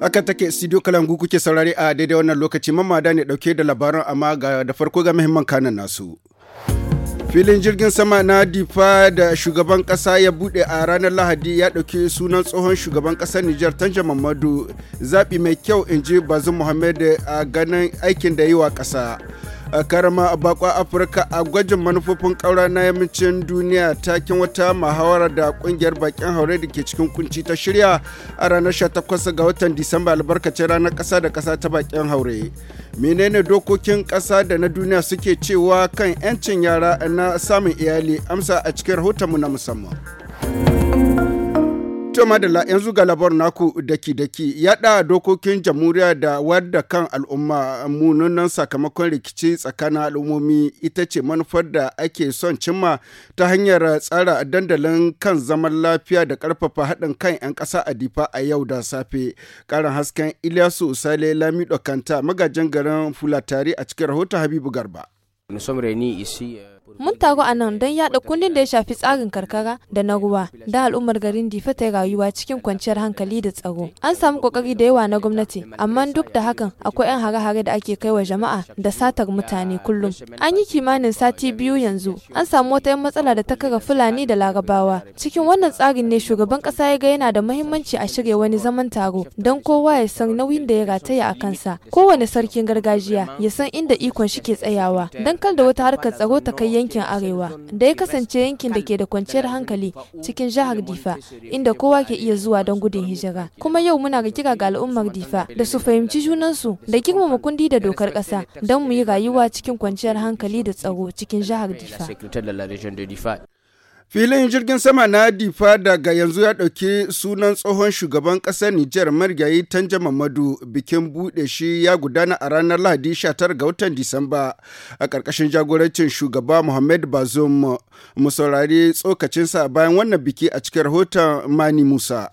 Haka take studio kalangu kuke saurare a daidai wannan lokaci mamada ne dauke da labaran amma ga da farko ga muhimman kanan nasu. filin jirgin sama na difa da shugaban kasa ya bude a ranar lahadi ya ɗauki sunan tsohon shugaban kasar nijar tanja mamadu zaɓi mai kyau in ji bazin muhammad a ganin aikin da yi wa ƙasa a karama a bakwa afirka a gwajin manufofin kaura na yammacin duniya takin wata mahawara da kungiyar bakin haure da ke cikin kunci ta shirya a ranar 18 ga watan disamba albarkacin ranar kasa da kasa ta bakin haure menene dokokin kasa da na duniya suke cewa kan 'yancin yara na samun iyali amsa a cikin rahotonmu na musamman To madalla yanzu ga labar naku daki-daki yaɗa dokokin jamhuriya da wadda kan al'umma munanan sakamakon rikici tsakanin al'ummomi ita ce manufar da ake son cimma ta hanyar tsara dandalin kan zaman lafiya da karfafa haɗin kan 'yan ƙasa a difa a yau da safe. Ƙarin hasken Ilyasu Usale Lamido Kanta magajin garin Fulatari a cikin rahoton Habibu Garba. Mun taru a nan don yaɗa kundin da ya shafi tsarin karkara da na ruwa da al'ummar garin Difa ta rayuwa cikin kwanciyar hankali da tsaro. An samu kokari da yawa na gwamnati, amma duk da hakan akwai 'yan hare-hare da ake kai wa jama'a da satar mutane kullum. An yi kimanin sati biyu yanzu, an samu wata 'yan matsala da ta kara Fulani da Larabawa. Cikin wannan tsarin ne shugaban kasa ya ga yana da muhimmanci a shirya wani zaman taro don kowa ya san nauyin da ya rataya a kansa. Kowane sarkin gargajiya ya san inda ikon shi ke tsayawa, don kar da wata harkar tsaro ta kai yankin arewa da ya kasance yankin da ke da kwanciyar hankali cikin jihar difa inda kowa ke iya zuwa don gudun hijira kuma yau muna ga kira ga al'ummar difa da su fahimci junansu da girmama kundi da dokar kasa don mu yi rayuwa cikin kwanciyar hankali da tsaro cikin jihar difa Filin jirgin sama na Difa daga yanzu ya ɗauki sunan tsohon shugaban ƙasar Nijar Marigayi Tanja Mamadu bikin buɗe shi ya gudana a ranar Lahadi 19 ga watan Disamba a ƙarƙashin jagorancin shugaba Muhammad Bazoum mu saurari tsokacinsa bayan wannan biki a cikin rahoton Mani Musa.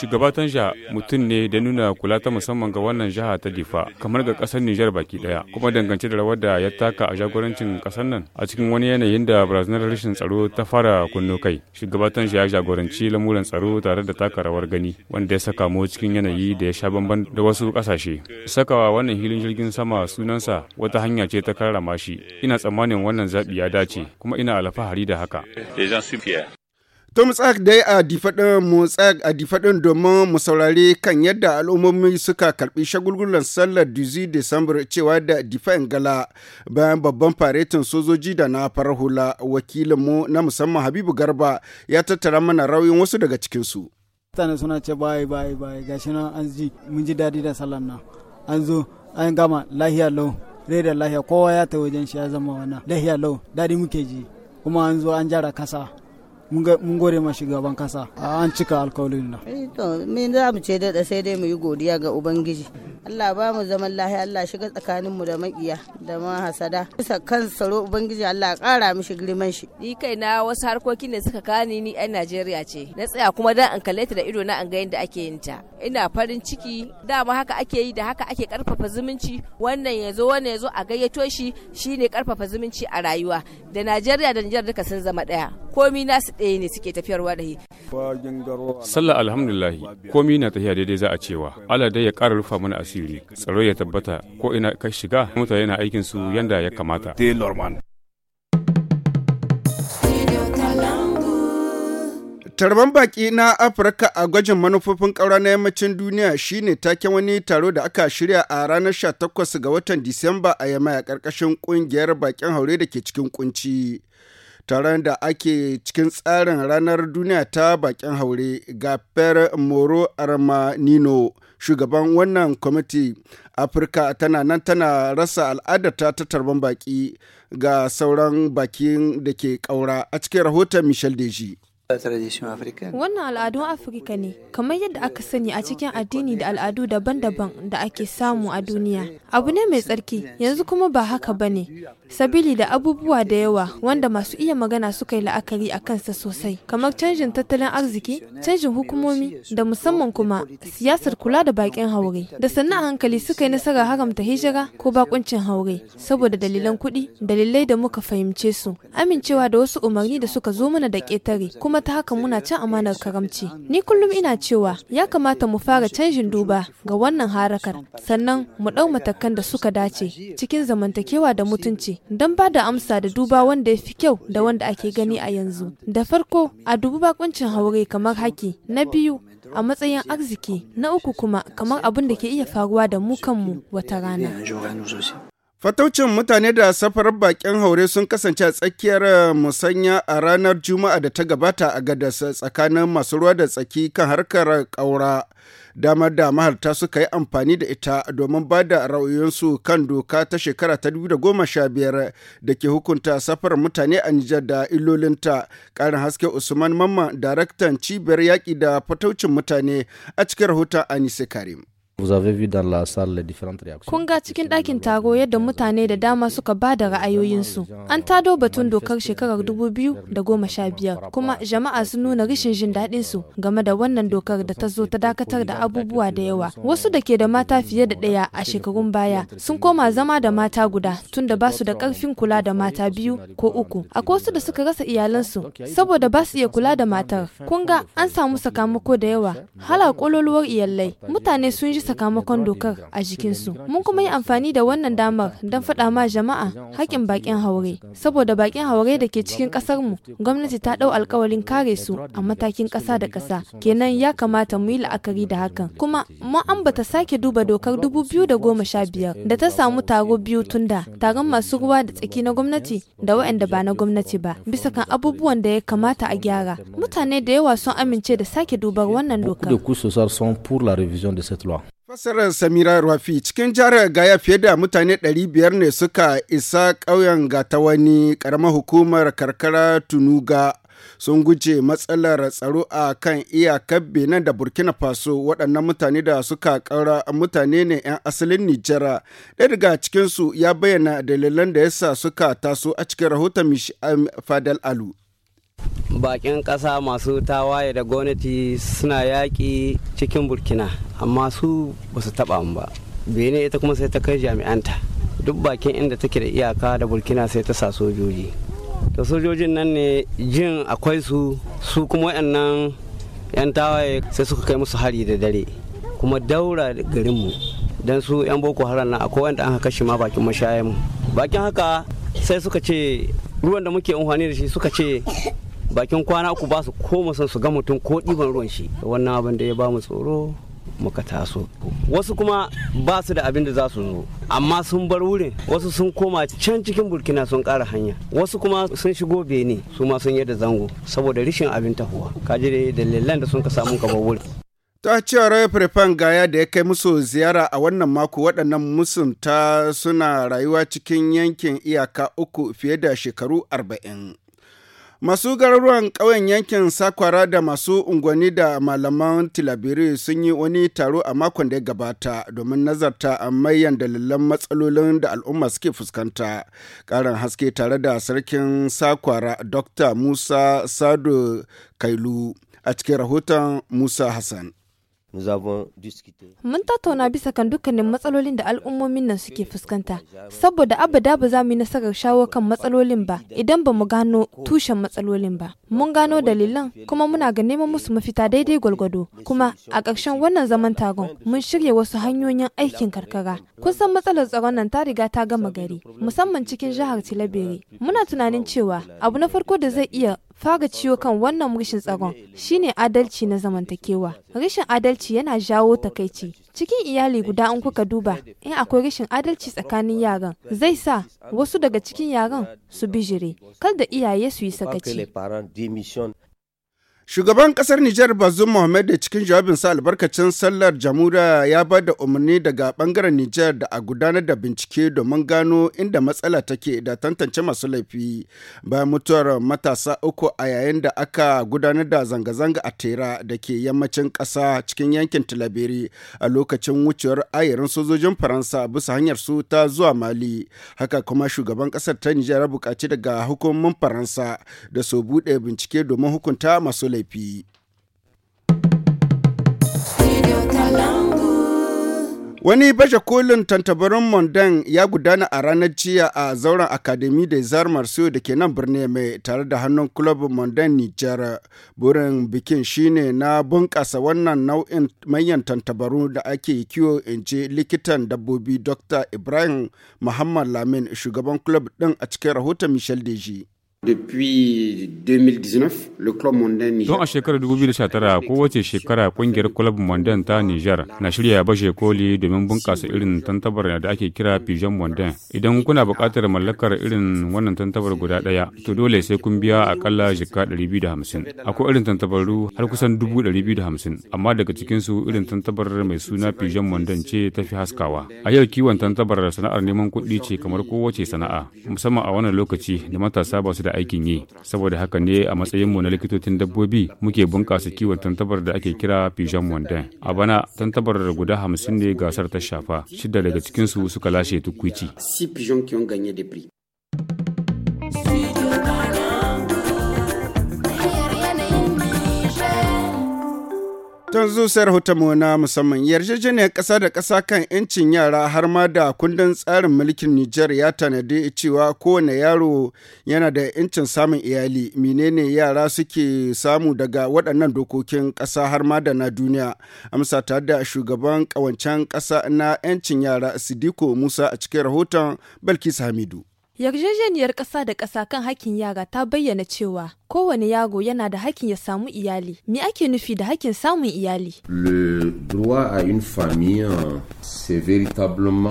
Shugaba Tanja mutum ne da nuna kula ta musamman ga wannan jiha ta Difa, kamar ga kasar Nijar baki daya kuma dangance da rawar da ya taka a jagorancin kasar nan a cikin wani yanayin da barazanar rashin tsaro ta fara kunno kai. Shugaba Tanja ya jagoranci lamuran tsaro tare da taka rawar gani, wanda ya saka mu cikin yanayi da ya sha bamban da wasu ƙasashe. Sakawa wannan hilin jirgin sama sunansa wata hanya ce ta karrama shi. Ina tsammanin wannan zaɓi ya dace, kuma ina alfahari da haka. Tom Tsak dai a difaɗin mu Tsak a difaɗin domin mu saurare kan yadda al'ummomi suka karɓi shagulgulan sallar dizi december cewa da difan gala bayan babban faretin sojoji da na farar hula wakilinmu na musamman Habibu Garba ya tattara mana rauyin wasu daga cikinsu. Mutane suna ce bayi bayi bayi gashi nan an ji mun ji daɗi da sallar nan an zo an gama lahiya lau rai da lahiya kowa ya ta wajen shi ya zama wannan lahiya lau daɗi muke ji kuma an zo an jara kasa mun gode ma shugaban kasa an cika alkawalin na. Eh, to min za mu ce dada sai dai mu yi godiya ga ubangiji Allah ba mu zaman lahi, Allah shiga tsakanin mu da makiya da ma hasada bisa kan tsaro ubangiji Allah kara mishi girman shi ni kai na wasu harkokin da suka kani ni a Najeriya ce na tsaya kuma dan an kallaita da ido na an ga yadda ake yin ta ina farin ciki dama haka ake yi da haka ake karfafa zumunci wannan ya yazo wannan zo a gayyato shi shine karfafa zumunci a rayuwa da Najeriya da Nijar duka sun zama ɗaya. komi nasu ɗaya ne suke tafiyarwa da sallah alhamdulillahi komi na tafiya daidai za a cewa Allah dai ya ƙara rufa mana asiri tsaro ya tabbata ko ina ka shiga mutane na aikin su yanda ya kamata tarban baki na afirka a gwajin manufofin ƙaura na yammacin duniya shine taken wani taro da aka shirya a ranar 18 ga watan disamba a yamma a ƙarƙashin ƙungiyar baƙin haure da ke cikin kunci tare da ake cikin tsarin ranar duniya ta bakin haure ga per moro armanino shugaban wannan kwamiti afirka tana nan tana rasa al'adarta ta tarban baki ga sauran bakin da ke ƙaura a cikin rahoton michel deji Wannan al'adun Afirka ne, kamar yadda aka sani a cikin addini da al'adu daban-daban da ake samu a duniya. Abu ne mai tsarki, yanzu kuma ba haka ba ne, sabili da abubuwa da yawa wanda masu iya magana suka yi la'akari a kansa sosai, kamar canjin tattalin arziki, canjin hukumomi, da musamman kuma siyasar kula da bakin haure. Da sannan a hankali suka yi nasarar haramta hijira ko bakuncin haure, saboda dalilan kuɗi, dalilai da muka fahimce su, amincewa da wasu umarni da suka zo mana da ƙetare, kuma ta haka muna cin amanar karamci. Ni kullum ina cewa ya kamata mu fara canjin duba ga wannan harakar sannan mu ɗau matakan da suka dace cikin zamantakewa da mutunci don ba da amsa da duba wanda ya fi kyau da wanda ake gani a yanzu. Da farko a dubi bakuncin haure kamar haki. Na biyu a matsayin arziki na uku kuma kamar abin da ke iya faruwa da mu kanmu wata rana. Fataucin mutane da safarar bakin haure sun kasance a tsakiyar eh, musanya a ranar Juma'a da ta gabata a gadas eh, tsakanin masu ruwa da tsaki kan harkar ƙaura. Damar da maharta suka yi amfani da ita domin ba da ra'ayoyinsu kan doka ta shekara ta 2015 da ke hukunta safarar mutane a Nijar da illolinta. Ƙarin haske Usman Mamman, daraktan cibiyar yaƙi da fataucin mutane a cikin rahoton Anise Karim. Kunga cikin ɗakin taro yadda mutane da dama suka ba da ra'ayoyinsu. An tado batun dokar shekarar 2015 kuma jama'a sun nuna rishin jin daɗinsu game da wannan dokar da ta zo ta dakatar da abubuwa da yawa. Wasu da ke da mata fiye da ɗaya a shekarun baya sun koma zama da mata guda tun da ba su da ƙarfin kula da mata biyu ko uku. Akwai wasu da suka rasa iyalansu saboda ba su iya kula da matar. kunga an samu sakamako da yawa. Hala ƙololuwar iyalai. Mutane sun ji sakamakon dokar a jikin su Mun kuma yi amfani da wannan damar don faɗa ma jama'a haƙƙin baƙin haure. Saboda baƙin haure da ke cikin mu gwamnati ta ɗau alkawarin kare su a matakin ƙasa da ƙasa. Kenan ya kamata mu yi la'akari da hakan. Kuma mun ambata sake duba dokar dubu biyu da goma sha biyar da ta samu taro biyu tun da taron masu ruwa da tsaki na gwamnati da waɗanda ba na gwamnati ba bisa kan abubuwan da ya kamata a gyara. Mutane da yawa sun amince da sake dubar wannan dokar. Fasarar Samira Rafi cikin jihar Gaya fiye da mutane 500 ne suka isa ƙauyen wani ƙaramar hukumar karkara Tunuga sun guje matsalar tsaro a kan iyakar benin da burkina faso waɗannan mutane da suka ƙaura mutane ne 'yan asalin nijera ɗaya daga cikinsu ya bayyana dalilan da yasa suka taso a cikin rahoton um, fadal alu bakin ƙasa masu tawaye da gwamnati suna yaƙi cikin burkina amma su ba su taɓa mu ba bene ita kuma sai ta kai jami'anta duk bakin inda take da iyaka da burkina sai ta sa sojoji ta sojojin nan ne jin akwai su su kuma waɗannan 'yan tawaye sai suka kai musu hari da dare kuma daura garinmu don su 'yan boko haram nan akwai wanda an kashe ma bakin mashayan bakin haka sai suka ce ruwan da muke amfani da shi suka ce bakin kwana uku ba su koma son su ga mutum ko ɗiban ruwan shi wannan abin da ya ba mu tsoro muka taso wasu kuma ba su da abin da za su zo amma sun bar wurin wasu sun koma can cikin burkina sun ƙara hanya wasu kuma sun shigo bene su ma sun yadda zango saboda rishin abin tahuwa kaji da dalilan da sun ka samu ka bar wurin ta cewar firfan gaya da ya kai musu ziyara a wannan mako waɗannan musunta suna rayuwa cikin yankin iyaka uku fiye da shekaru arba'in. Masu garuruwan ƙauyen yankin Sakwara da masu unguwanni da malaman Tilabiri sun yi wani taro a makon da ya gabata domin nazarta a mayan dalilan matsalolin da al'umma suke fuskanta. Ƙarin haske tare da sarkin Sakwara Dr. Musa Sado Kailu a cikin rahoton Musa Hassan. Mun tattauna bisa kan dukkanin matsalolin da al'ummomin nan suke fuskanta, saboda abada ba za mu yi nasarar shawo kan matsalolin ba idan ba mu gano tushen matsalolin ba. Mun gano dalilan kuma muna ga neman musu mafita daidai gwalgwado. Kuma a ƙarshen wannan zaman taron mun shirya wasu hanyoyin aikin karkara. Kun san matsalar tsaron nan ta riga ta gama gari, musamman cikin jihar Tilabere. Muna tunanin cewa abu na farko da zai iya Faga ciwo kan wannan rashin tsaron shine adalci na zamantakewa. Rashin adalci yana jawo takaici. Cikin iyali guda in kuka duba, in akwai rashin adalci tsakanin yaran, zai sa wasu daga cikin yaran su bijire, kar da iyaye su yi sakaci. Shugaban kasar Nijar Bazoum Mohamed da cikin jawabinsa albarkacin sallar jamura ya ba da umarni daga bangaren Nijar da a gudanar da bincike domin gano inda matsala take da tantance masu laifi bayan mutuwar matasa uku a yayin da aka gudanar da zanga-zanga a tera da ke yammacin kasa cikin yankin Tilaberi a lokacin wucewar ayarin sojojin Faransa bisa hanyar su ta zuwa Mali. Haka kuma shugaban kasar ta Nijar ya bukaci daga hukumomin Faransa da su bude bincike domin hukunta masu laifi. Wani baje kolin tantabarin Mondan ya gudana a ranar jiya a zauren Akademi da Zar Marso da ke nan birni mai tare da hannun Club Mondan Nijar. Burin bikin shine na bunkasa wannan nau'in manyan tantabaru da ake kiwo in ji likitan dabbobi Dr. Ibrahim Muhammad Lamin shugaban kulob din a cikin rahoton Michel Deji. Don a shekarar 2019 wace shekara kungiyar club mondain ta Nijar na shirya bashe koli domin bunkasa irin tantabar da ake kira Pigeon mondain Idan kuna buƙatar mallakar irin wannan tantabar guda ɗaya, to dole sai kun biya akalla jika 250. Akwai irin tantabaru har kusan 250, amma daga cikinsu irin tantabar mai suna Pigeon Mondan ce ta fi haskawa. A yau kiwon tantabar sana'ar neman kuɗi ce kamar kowace sana'a, musamman a wannan lokaci da matasa ba su da aikin yi saboda haka ne a matsayinmu na likitocin dabbobi muke bunƙasa kiwon tantabar da ake kira pigeon mondain a bana tantabar guda hamsin ne gasar ta shafa shida daga cikinsu suka lashe tukwici Don zusar mu na musamman yarjejeniyar kasa da kasa kan 'yancin yara har ma da kundin tsarin mulkin Nijar ya tanadi cewa kowane yaro yana da 'yancin samun iyali menene yara suke samu daga waɗannan dokokin ƙasa har ma da na duniya. Amsa ta da shugaban ƙawancen ƙasa na 'yancin yara Sidiko Musa a cikin rahoton Balkis Hamidu. Yarjejeniyar ƙasa da ƙasa kan hakkin yara ta bayyana cewa kowane yago yana da hakkin ya samu iyali. Me ake nufi da hakkin samun iyali?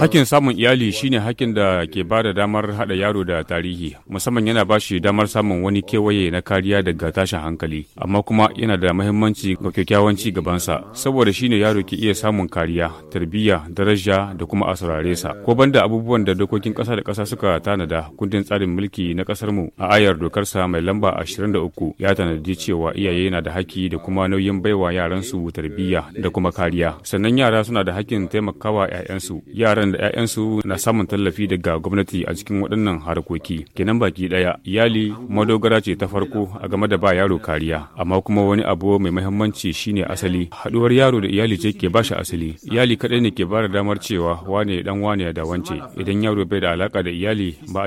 Hakkin samun iyali shine hakkin da ke ba da damar haɗa yaro da tarihi, musamman yana ba shi damar samun wani kewaye na kariya daga tashin hankali, amma kuma yana da mahimmanci ga kyakkyawan ci gabansa, saboda shine yaro ke iya samun kariya, tarbiyya, daraja da kuma a sa. Ko banda abubuwan da dokokin ƙasa da ƙasa suka tanada tanada kundin tsarin mulki na kasar mu a ayar dokarsa mai lamba 23 ya tanadi cewa iyaye na da haki da kuma nauyin baiwa yaran su tarbiyya da kuma kariya. Sannan yara suna da hakin taimakawa 'ya'yansu. Yaran da 'ya'yansu na samun tallafi daga gwamnati a cikin waɗannan harkoki. Kenan baki ɗaya iyali madogara ce ta farko a game da ba yaro kariya amma kuma wani abu mai muhimmanci shine asali haɗuwar yaro da iyali ce ke bashi asali iyali kadai ne ke bada damar cewa wane dan wane da wance idan yaro bai da alaka da iyali ba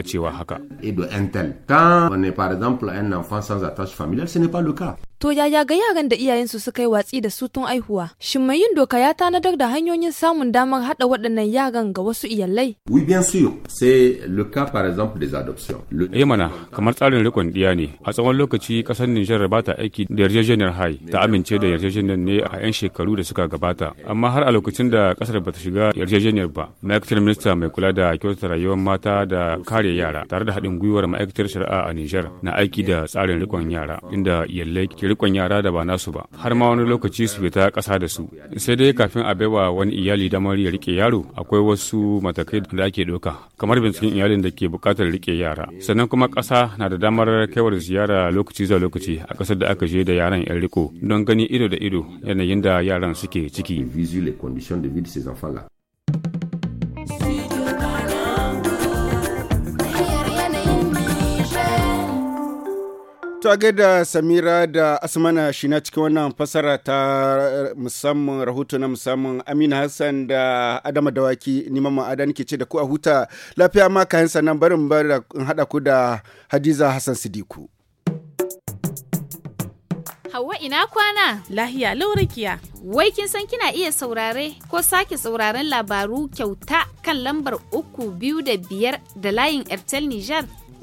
Et de un tel. Quand on est par exemple un enfant sans attache familiale, ce n'est pas le cas. To yaya ga yaran da iyayensu suka yi watsi da su tun aihuwa? Shin mai yin doka ya tanadar da hanyoyin samun damar hada waɗannan yaran ga wasu iyalai? Oui bien sûr, c'est le cas par exemple des adoptions. Eh mana, kamar tsarin rikon ɗiya ne. A tsawon lokaci kasar Nijar ba ta aiki da yarjejeniyar Hai ta amince da yarjejeniyar ne a 'yan shekaru da suka gabata. Amma har a lokacin da kasar ba ta shiga yarjejeniyar ba, ma'aikatar minista mai kula da kyautata rayuwar mata da kare yara tare da haɗin gwiwar ma'aikatar shari'a a Nijar na aiki da tsarin rikon yara inda iyalai ke rikon yara da ba nasu ba har ma wani lokaci su fita ƙasa da su sai dai kafin a baiwa wani iyali damar ya rike yaro akwai wasu matakai da ake ɗauka kamar binciken iyalin da ke buƙatar rike yara sannan kuma ƙasa na da damar kaiwar ziyara lokaci zuwa lokaci a ƙasar da aka je da yaran yan riko don gani ido da ido yanayin da yaran suke ciki To a gaida Samira da Asmana shi na cikin wannan fasara ta musamman rahoto na musamman Amina Hassan da Adama Dawaki ni mamma Ada nake ce da ku a huta lafiya ma kayan sannan barin bar da hada ku da Hadiza Hassan Sidiku. Hauwa ina kwana? Lahiya laurakiya. Wai kin san kina iya saurare ko sake sauraren labaru kyauta kan lambar uku biyu da biyar da layin Airtel Nijar?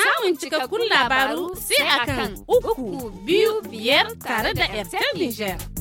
Samun cikakkun labaru sai akan uku biyu biyar tare da Airtel Niger.